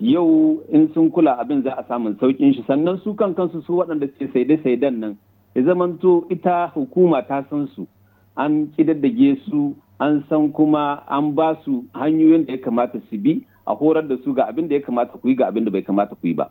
yau in sun kula abin za a samun saukin shi sannan su kan kansu su waɗanda ke saide saidan nan ya zamanto ita hukuma ta san su an kidaddage su an san kuma an ba su hanyoyin da ya kamata su bi a horar da su ga abin da ya kamata ku yi ga abin da bai kamata ku yi ba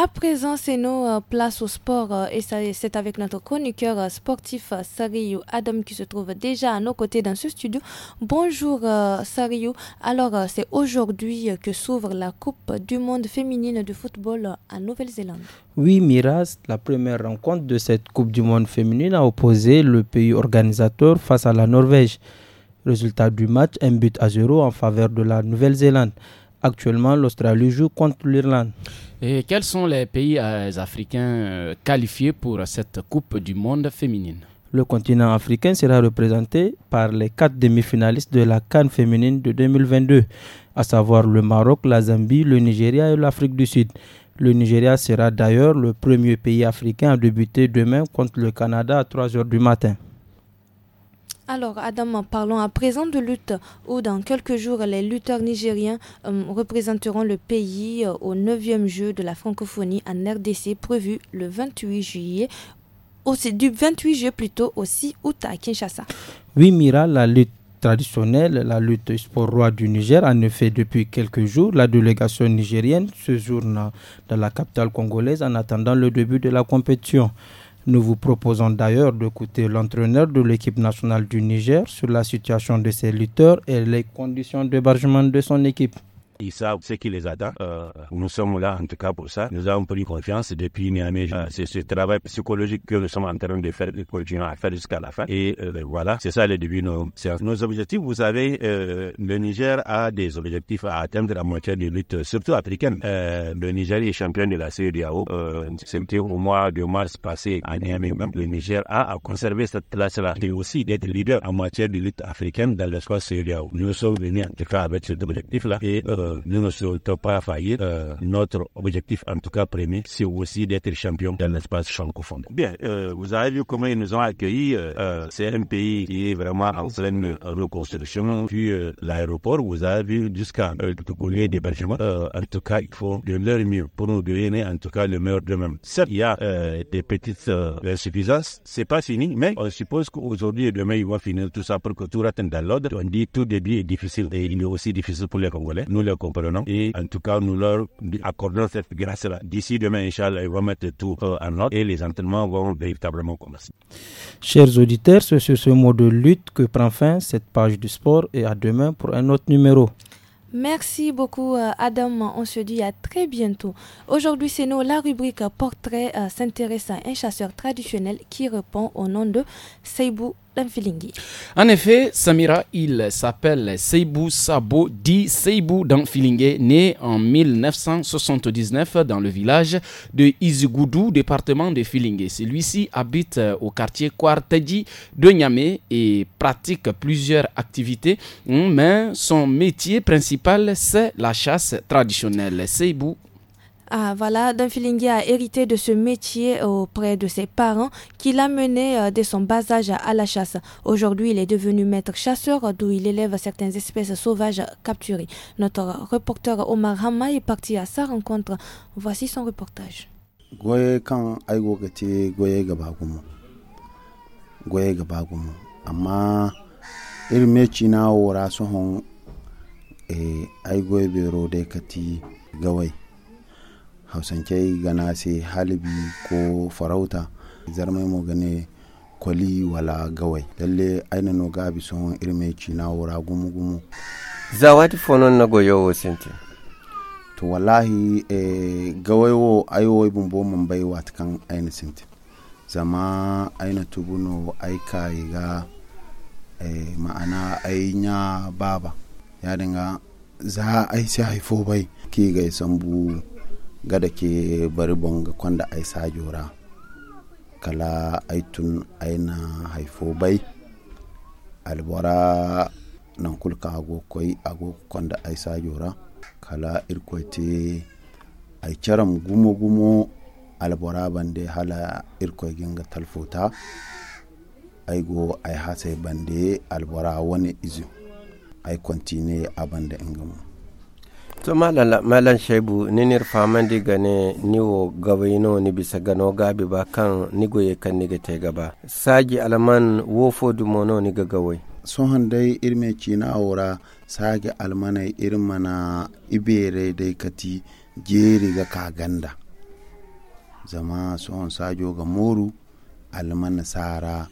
À présent, c'est nos euh, places au sport euh, et c'est avec notre chroniqueur euh, sportif Sariou Adam qui se trouve déjà à nos côtés dans ce studio. Bonjour Sariou. Alors, c'est aujourd'hui que s'ouvre la Coupe du monde féminine de football en Nouvelle-Zélande. Oui, Miras, la première rencontre de cette Coupe du monde féminine a opposé le pays organisateur face à la Norvège. Résultat du match, un but à zéro en faveur de la Nouvelle-Zélande. Actuellement, l'Australie joue contre l'Irlande. Et quels sont les pays euh, africains euh, qualifiés pour cette Coupe du Monde féminine Le continent africain sera représenté par les quatre demi-finalistes de la Cannes féminine de 2022, à savoir le Maroc, la Zambie, le Nigeria et l'Afrique du Sud. Le Nigeria sera d'ailleurs le premier pays africain à débuter demain contre le Canada à 3 h du matin. Alors, Adam, parlons à présent de lutte, où dans quelques jours, les lutteurs nigériens euh, représenteront le pays euh, au 9e jeu de la francophonie en RDC, prévu le 28 juillet. Au, du 28 juillet plutôt au 6 août à Kinshasa. Oui, Mira, la lutte traditionnelle, la lutte sport roi du Niger. En effet, depuis quelques jours, la délégation nigérienne se journe dans la capitale congolaise en attendant le début de la compétition. Nous vous proposons d'ailleurs d'écouter l'entraîneur de l'équipe nationale du Niger sur la situation de ses lutteurs et les conditions d'hébergement de son équipe. Ils savent ce qui les attend. Euh, nous sommes là, en tout cas, pour ça. Nous avons pris confiance depuis Niamey. Euh, c'est ce travail psychologique que nous sommes en train de faire, de continuer à faire jusqu'à la fin. Et euh, ben voilà, c'est ça le début de nos séances. Nos objectifs, vous savez, euh, le Niger a des objectifs à atteindre la moitié de lutte, surtout africaine. le Niger est champion de la CEDEAO. C'était au mois de mars passé à Niamey même. Le Niger a à conserver cette place-là. Et aussi d'être leader en matière de lutte africaine dans l'espace CEDAO, Nous sommes venus, en tout cas, avec cet objectif-là. Et euh, nous ne souhaitons pas faillir. Euh, notre objectif, en tout cas premier, c'est aussi d'être champion dans l'espace francophone. Bien, euh, vous avez vu comment ils nous ont accueillis. c'est un pays qui est vraiment en pleine reconstruction. Puis l'aéroport, vous avez vu jusqu'à le des d'hébergement. en tout cas, il faut de leur mieux pour nous donner en tout cas le meilleur de même Certes, il y a des petites insuffisances. C'est pas fini, mais on suppose qu'aujourd'hui et demain, ils vont finir tout ça pour que tout rate dans l'ordre. On dit tout début est difficile et il est aussi difficile pour les Congolais. Nous, comprenant Et en tout cas, nous leur accordons cette grâce-là. D'ici demain, Inch'Allah, ils vont mettre tout euh, en ordre et les entraînements vont véritablement commencer. Chers auditeurs, c'est sur ce mot de lutte que prend fin cette page du sport et à demain pour un autre numéro. Merci beaucoup euh, Adam, on se dit à très bientôt. Aujourd'hui c'est nous, la rubrique portrait euh, s'intéresse à un chasseur traditionnel qui répond au nom de Seibu en effet, Samira, il s'appelle Seibou Sabo, dit Seibou dans Filingue, né en 1979 dans le village de Izugudu, département de Filingue. Celui-ci habite euh, au quartier Kwartedji de Nyame et pratique plusieurs activités, hein, mais son métier principal, c'est la chasse traditionnelle. Seibou ah, voilà, Dunfilingi a hérité de ce métier auprès de ses parents qui l'a mené euh, dès son bas âge à la chasse. Aujourd'hui, il est devenu maître chasseur d'où il élève certaines espèces sauvages capturées. Notre reporter Omar Hama est parti à sa rencontre. Voici son reportage. hausance gana sai halibi ko farauta zarmai mu gane kwali wala gawai lalle aina no ga bi son irme ci na wura gumu gumu zawati fonon na goyo wa sinti to wallahi e gawai wo ayo wo bumbo mun bai wat kan aina sinti zama aina tubuno aika ga eh, ma'ana ainya baba ya dinga za a aisi haifo bai ki ga sambu gada ke bari bonga kwanda ai sajora kala aitun aina haifo bai albora nan kulka ago koi ago kwanda ai sajora kala irkoite ai charam gumo gumo albora bande hala irkoi ginga talfota go ai hasai bande albora wani izu ai kontine a banda ingamu to malam shaibu ninir famandi gane niwo gawaino ni bisa gano gabi ba kan nigo ye kan niga te gaba saji alman wofo dumono ni ga gawai sohon dai irme cina aura sage almana mana ibere dai kati jeri ga kaganda zama sohon sajo ga moru almana sara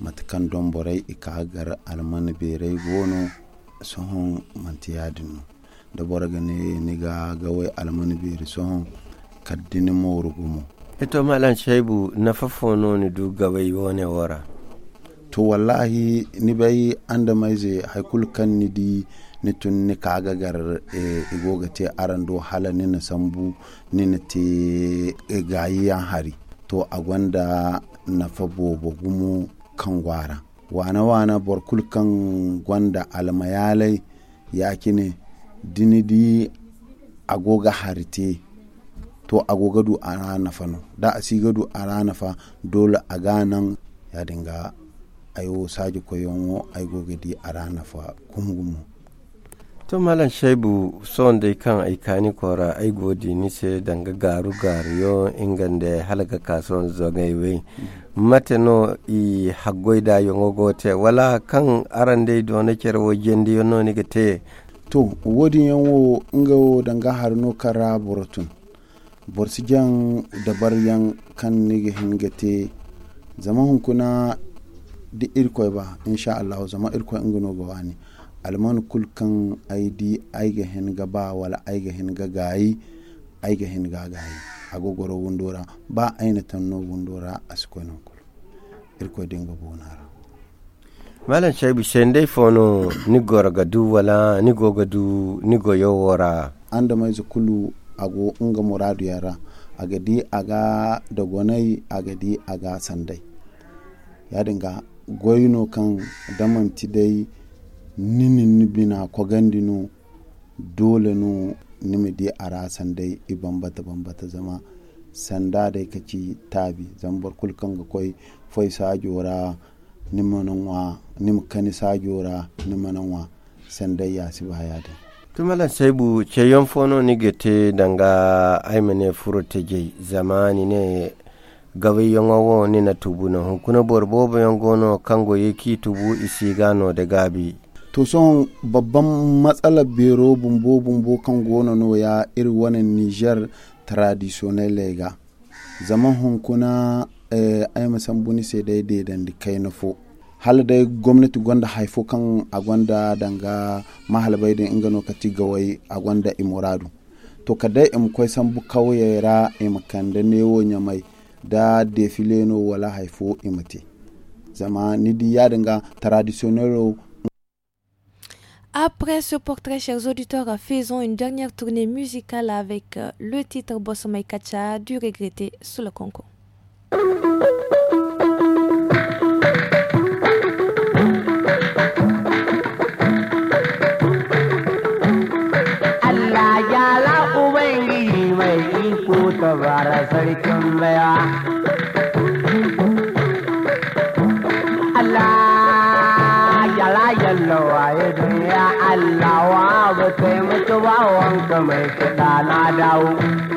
matakan don borai ikagar almana berai gono sohon mantiyadinu da borga ne ni ga gawai almani bi rison kaddini mawar gumo ito malam shaibu na fafono ni du gawai wani wara to wallahi ni bai anda mai zai haikul kan ni di ni tun ni ka e igoga e te arando hala ni na sambu ni na te e gayi yan hari to a gwanda na fa gumu kan gwara wana wana barkulkan gwanda almayalai ya ne. dinidi agoga harite to agoga du a rana no da a si gadu a rana fa dole a ganan ya dinga ayo saji koyon wo ai goga di a rana fa kungumu to malam shaibu son dai kan aikani kora ai godi ni se danga garu gariyo ingande halaga kason zogaiwe no i hagoida yongo gote wala kan aran dai do na kerwo gendi yono ni to wodin yanwo ngawo danga harno kara borotun jan dabar yan kan nige hingate zama hunkuna di irkoi ba insha Allah zama irkoi ingino ga wani alman kulkan aidi aiga hin ga ba wala aiga hin ga gayi aiga hin ga gayi agogoro wundora ba aina tanno wundora askonon kul irkoi dinga bonara malam shaibu sendai fono nigo ragadu wala nigo gadu nigo yowora anda mai zukulu ago unga muradu yara agadi aga dogonai agadi aga sandai ya dinga goyino kan ti dai ninin nibina gandinu dole nu nimi di ara sandai i bambata bata zama sanda dai kaci tabi zambar kulkan ga koi foi sa jora nimmananwa nim kanisa jora nimmananwa sanda ya ya bayade tumala saibu ce ni gete danga aimene furo teje zamani ne gawe yonga wo ni na tubu na hunkuna borbobo yongono kango yeki tubu isi gano da gabi to son babban matsalar bero bumbo bumbo kan gona no ya iri wani niger traditionnel lega zaman hunkuna eh, ay masan buni sai dai dai dan kai na fo hal dai haifo kan a danga mahalabai da ingano kati gawai a imuradu to kada im kwai san bu im ne wonya da defile no wala haifo imati zama ni di danga traditionero Après ce portrait, chers auditeurs, faisons une dernière tournée musicale avec euh, le titre Bossomai Kacha du regretté sous le concours. bara sarkin baya. yi yala yallawa ya duniya Allah wa ba sai mutu ba wanka mai kiɗa na dawo.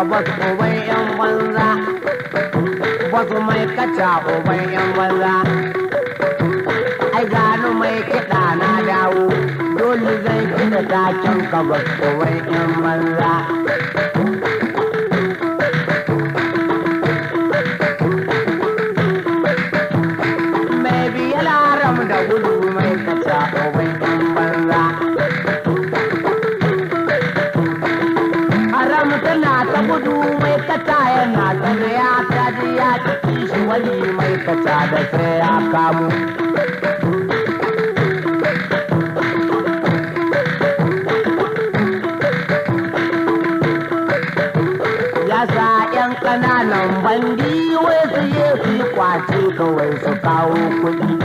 ka wasu uban yan banza wasu mai kaca uban yan banza ai gano mai kiɗa na dawo dole zai kiɗa can ka wasu uban yan banza ji ya ciki shi wani mai kasa da sai ya kamu. Ya sa ‘yan ƙananan bandi wai su yi su yi kwace kawai su kawo kuɗi.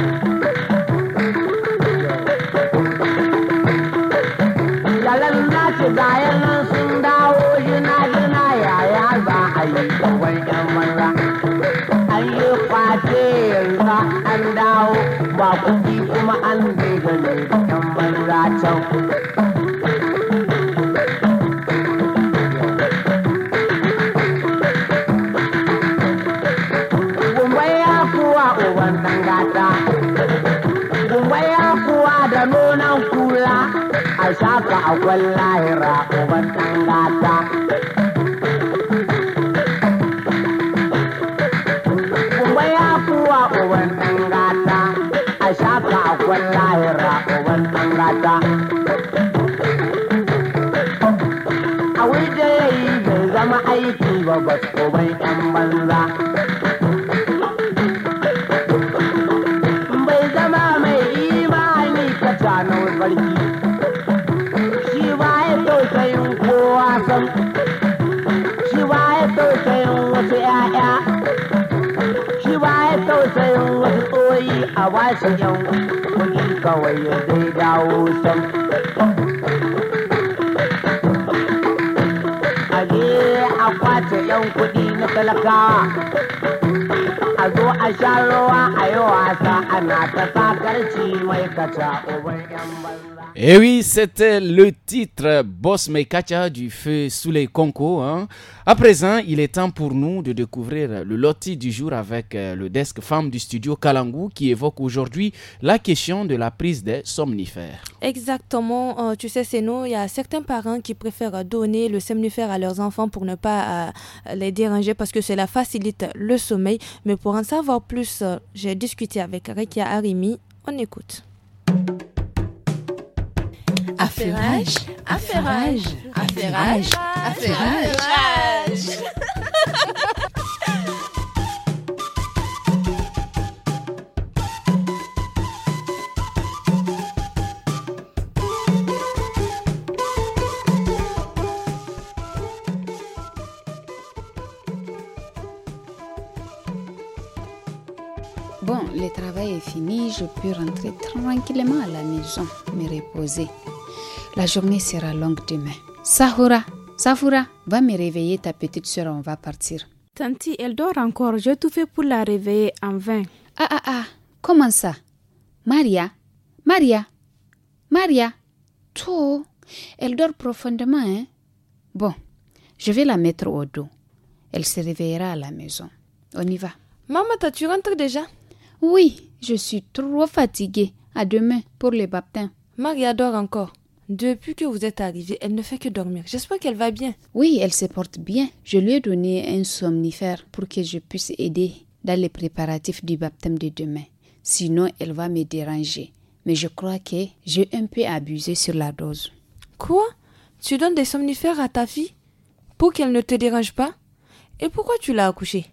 ɗan kula a shafa a kwallahira uban ɗan gata. Kuma ya kuwa uban ɗan gata a shafa a kwallahira uban ɗan gata. A wuce yayi bai zama aiki ba ba uban ɗan banza. a ba shi yan kuɗi kawai ya zai dawo sam. A a kwace yan kuɗi na talakawa. A zo a sha ruwa a yi wasa ana ta sakarci mai kaca uban yan Et eh oui, c'était le titre Boss Mekacha du feu sous les concours. Hein. À présent, il est temps pour nous de découvrir le loti du jour avec euh, le desk femme du studio Kalangu qui évoque aujourd'hui la question de la prise des somnifères. Exactement, euh, tu sais, c'est nous, il y a certains parents qui préfèrent donner le somnifère à leurs enfants pour ne pas euh, les déranger parce que cela facilite le sommeil. Mais pour en savoir plus, j'ai discuté avec Rekia Arimi. On écoute affairage, affairage, affaire affairage. Bon, le travail est fini, je peux rentrer tranquillement à la maison, me reposer. La journée sera longue demain. Sahura, Sahura, va me réveiller ta petite soeur, on va partir. Tanti, elle dort encore. Je tout fait pour la réveiller en vain. Ah ah ah, comment ça Maria, Maria, Maria, tout. Elle dort profondément, hein Bon, je vais la mettre au dos. Elle se réveillera à la maison. On y va. Maman, tu rentres déjà Oui, je suis trop fatiguée. À demain pour les baptins. Maria dort encore. Depuis que vous êtes arrivée, elle ne fait que dormir. J'espère qu'elle va bien. Oui, elle se porte bien. Je lui ai donné un somnifère pour que je puisse aider dans les préparatifs du baptême de demain. Sinon, elle va me déranger. Mais je crois que j'ai un peu abusé sur la dose. Quoi Tu donnes des somnifères à ta fille pour qu'elle ne te dérange pas Et pourquoi tu l'as accouchée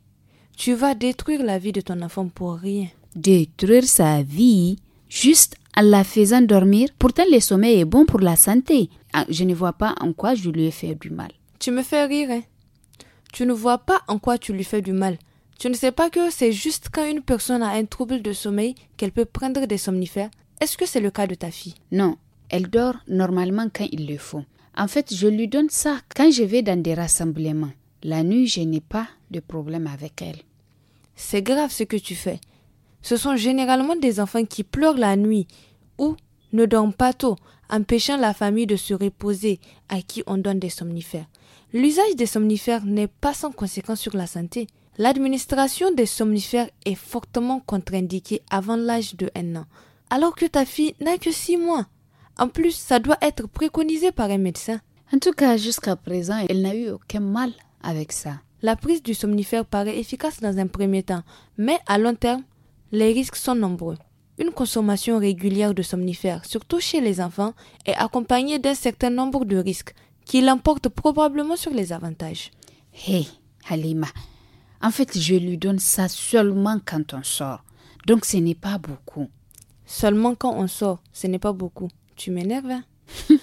Tu vas détruire la vie de ton enfant pour rien. Détruire sa vie juste en la faisant dormir. Pourtant, le sommeil est bon pour la santé. Ah, je ne vois pas en quoi je lui ai fait du mal. Tu me fais rire. Hein. Tu ne vois pas en quoi tu lui fais du mal. Tu ne sais pas que c'est juste quand une personne a un trouble de sommeil qu'elle peut prendre des somnifères. Est-ce que c'est le cas de ta fille Non, elle dort normalement quand il le faut. En fait, je lui donne ça quand je vais dans des rassemblements. La nuit, je n'ai pas de problème avec elle. C'est grave ce que tu fais. Ce sont généralement des enfants qui pleurent la nuit ou ne dorment pas tôt, empêchant la famille de se reposer, à qui on donne des somnifères. L'usage des somnifères n'est pas sans conséquence sur la santé. L'administration des somnifères est fortement contre-indiquée avant l'âge de 1 an, alors que ta fille n'a que 6 mois. En plus, ça doit être préconisé par un médecin. En tout cas, jusqu'à présent, elle n'a eu aucun mal avec ça. La prise du somnifère paraît efficace dans un premier temps, mais à long terme, les risques sont nombreux. Une consommation régulière de somnifères, surtout chez les enfants, est accompagnée d'un certain nombre de risques qui l'emportent probablement sur les avantages. Hé, hey, Halima, en fait, je lui donne ça seulement quand on sort. Donc ce n'est pas beaucoup. Seulement quand on sort, ce n'est pas beaucoup. Tu m'énerves, hein?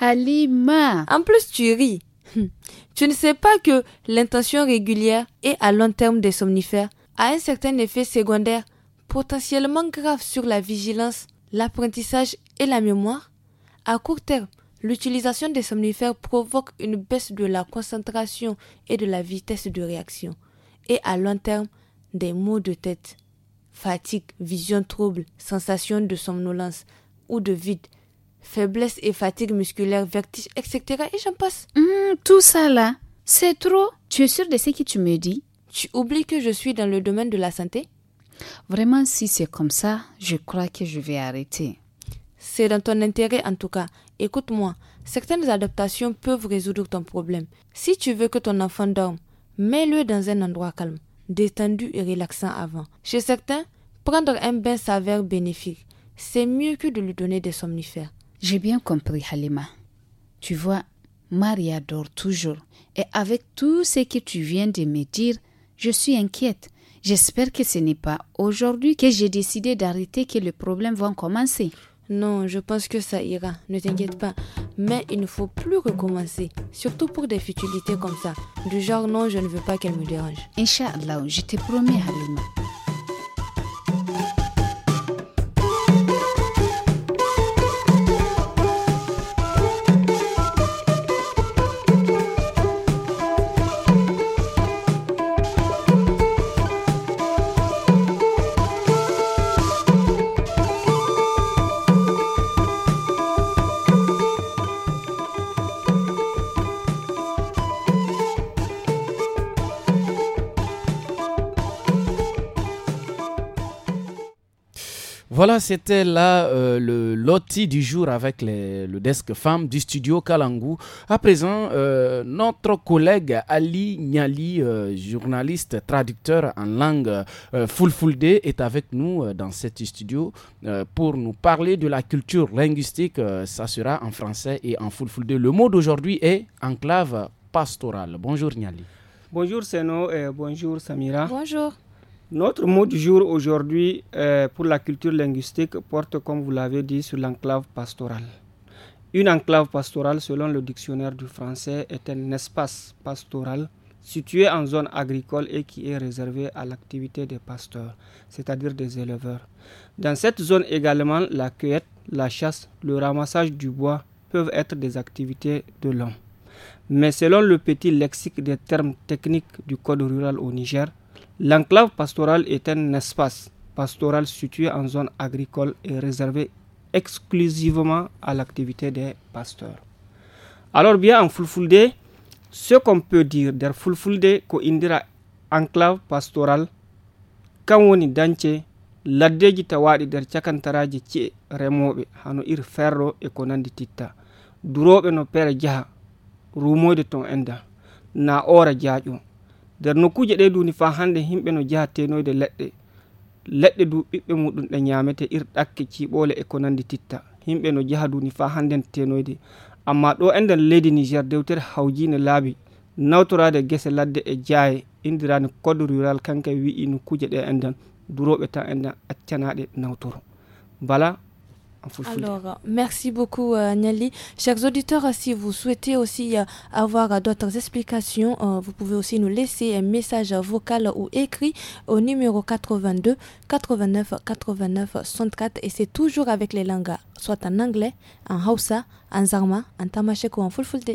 Halima En plus, tu ris. Hum. Tu ne sais pas que l'intention régulière et à long terme des somnifères a un certain effet secondaire potentiellement grave sur la vigilance, l'apprentissage et la mémoire, à court terme, l'utilisation des somnifères provoque une baisse de la concentration et de la vitesse de réaction, et à long terme, des maux de tête, fatigue, vision trouble, sensation de somnolence ou de vide, faiblesse et fatigue musculaire, vertige, etc. Et j'en passe. Hum, tout ça là, c'est trop. Tu es sûr de ce que tu me dis tu oublies que je suis dans le domaine de la santé Vraiment, si c'est comme ça, je crois que je vais arrêter. C'est dans ton intérêt en tout cas. Écoute-moi, certaines adaptations peuvent résoudre ton problème. Si tu veux que ton enfant dorme, mets-le dans un endroit calme, détendu et relaxant avant. Chez certains, prendre un bain s'avère bénéfique. C'est mieux que de lui donner des somnifères. J'ai bien compris, Halima. Tu vois, Maria dort toujours. Et avec tout ce que tu viens de me dire, je suis inquiète. J'espère que ce n'est pas aujourd'hui que j'ai décidé d'arrêter que les problèmes vont commencer. Non, je pense que ça ira, ne t'inquiète pas. Mais il ne faut plus recommencer, surtout pour des futilités comme ça. Du genre non, je ne veux pas qu'elle me dérange. Inch'Allah, je te promets, Halima. c'était là euh, le loti du jour avec le desk femme du studio Kalangu. À présent, euh, notre collègue Ali Niali, euh, journaliste traducteur en langue Fulfulde, est avec nous dans cet studio pour nous parler de la culture linguistique. ça sera en français et en Fulfulde. Le mot d'aujourd'hui est enclave pastorale. Bonjour Niali. Bonjour Seno et bonjour Samira. Bonjour. Notre mot du jour aujourd'hui euh, pour la culture linguistique porte, comme vous l'avez dit, sur l'enclave pastorale. Une enclave pastorale, selon le dictionnaire du français, est un espace pastoral situé en zone agricole et qui est réservé à l'activité des pasteurs, c'est-à-dire des éleveurs. Dans cette zone également, la cueillette, la chasse, le ramassage du bois peuvent être des activités de l'homme. Mais selon le petit lexique des termes techniques du Code rural au Niger, L'enclave pastorale est un espace pastoral situé en zone agricole et réservé exclusivement à l'activité des pasteurs. Alors bien en Fulfulde, ce qu'on peut dire der Fulfulde ko indira enclave pastoral kan woni dance laddeji tawaɗi der cakantaraji remo remoɓe hanu ir ferro e ko nandi titta Durobe no pere jaha rumode ton enda na ora jaaƴo nder nokkuje ɗe duni fa hande himɓe no jaha tenoyde leɗɗe leɗɗe du ɓiɓɓe muɗum ɗe ñamete ir ɗakke ciɓole e ko nandi titta himɓe no jaha duni fa hande tenoyde amma ɗo e nder leydi niger dewtere hawjine laabi nawtorade gese ladde e jaye indirani code rural kanka wi'i nokkuje ɗe enden duroɓe tan enden accanaɗe nawtoro bala Alors, merci beaucoup euh, Nelly. Chers auditeurs, si vous souhaitez aussi euh, avoir d'autres explications, euh, vous pouvez aussi nous laisser un message vocal ou écrit au numéro 82 89 89 64 et c'est toujours avec les langues, soit en anglais, en hausa, en zarma, en tamashek ou en fulfulde.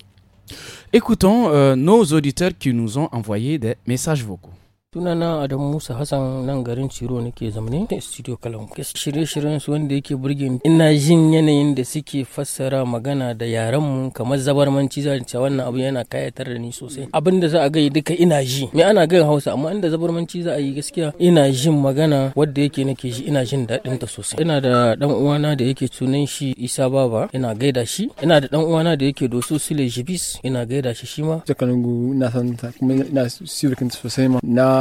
Écoutons nos auditeurs qui nous ont envoyé des messages vocaux. tunana Adamu Musa Hassan nan garin Ciro nake zamani. a studio Kalam. Shirye-shiryen su wanda yake burge ina jin yanayin da suke fassara magana da yaran mu kamar zabarmanci zan ce wannan abu yana kayatar da ni sosai. Abin da za a gai duka ina ji. Me ana gain Hausa amma inda zabarmanci za a yi gaskiya ina jin magana wadda yake nake ji ina jin daɗin ta sosai. Ina da dan uwana da yake sunan shi Isa Baba ina gaida shi. Ina da dan uwana da yake Doso sile Jibis ina gaida shi shi ma. Jakanungu na san kuma ina sirkin sosai ma. Na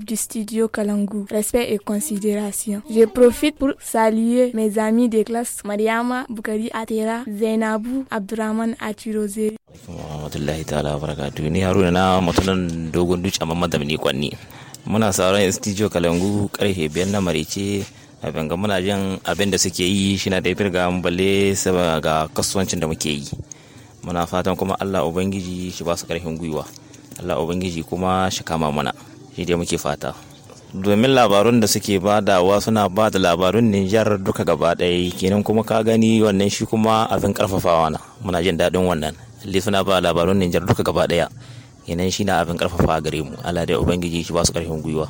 l'équipe du studio Kalangu. Respect et considération. Je profite pour saluer mes amis de classe Mariama, bukari Atera, Zainabou, Abdurrahman Atirozeri. Alhamdulillahi ta'ala barakatuhu ni Haruna na mutunan dogon duci amma madamni Muna sauran studio Kalangu karfe biyar na marice abin ga muna jin abin da suke yi shi na da firga mu ga kasuwancin da muke yi. Muna fatan kuma Allah Ubangiji shi ba su karfin gwiwa. Allah Ubangiji kuma shi kama mana shi dai muke fata domin labarun da suke badawa suna ba da labarun Nijar duka gaba ɗaya kenan kuma ka gani wannan shi kuma abin karfafawa na muna jin daɗin wannan li suna ba labarun Nijar duka gaba ɗaya kenan shi na abin karfafawa gare mu Allah da ubangiji shi ba su ƙarfin gwiwa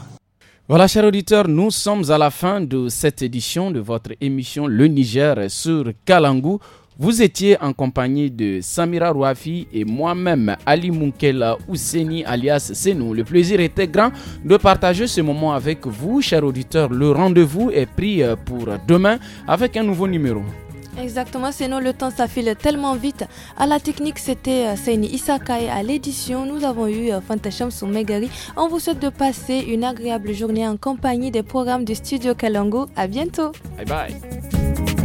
Voilà, chers auditeurs, nous sommes à la fin de cette édition de votre émission Le Niger sur Kalangou. Vous étiez en compagnie de Samira Rouafi et moi-même Ali Munkela Ouseni, alias Senou. Le plaisir était grand de partager ce moment avec vous, chers auditeurs. Le rendez-vous est pris euh, pour demain avec un nouveau numéro. Exactement, sinon le temps s'affile tellement vite. À la technique, c'était euh, Seni Isaka et à l'édition, nous avons eu euh, Fantasham Soumegari. On vous souhaite de passer une agréable journée en compagnie des programmes du studio Kalango. À bientôt. Bye bye.